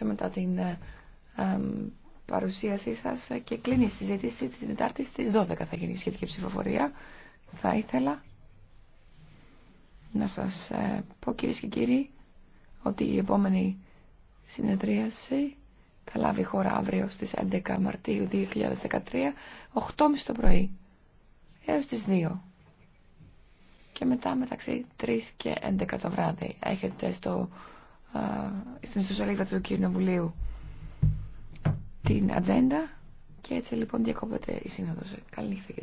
μετά την ε, παρουσίασή σας και κλείνει η συζήτηση τη Τετάρτη στις 12 θα γίνει η σχετική ψηφοφορία. Θα ήθελα να σας ε, πω κυρίες και κύριοι ότι η επόμενη συνεδρίαση θα λάβει χώρα αύριο στις 11 Μαρτίου 2013, 8.30 το πρωί έως τις 2 και μετά μεταξύ 3 και 11 το βράδυ. Έχετε στο ε, στην ιστοσελίδα του Κοινοβουλίου την ατζέντα και έτσι λοιπόν διακόπτεται η σύνοδος. Καλή νύχτα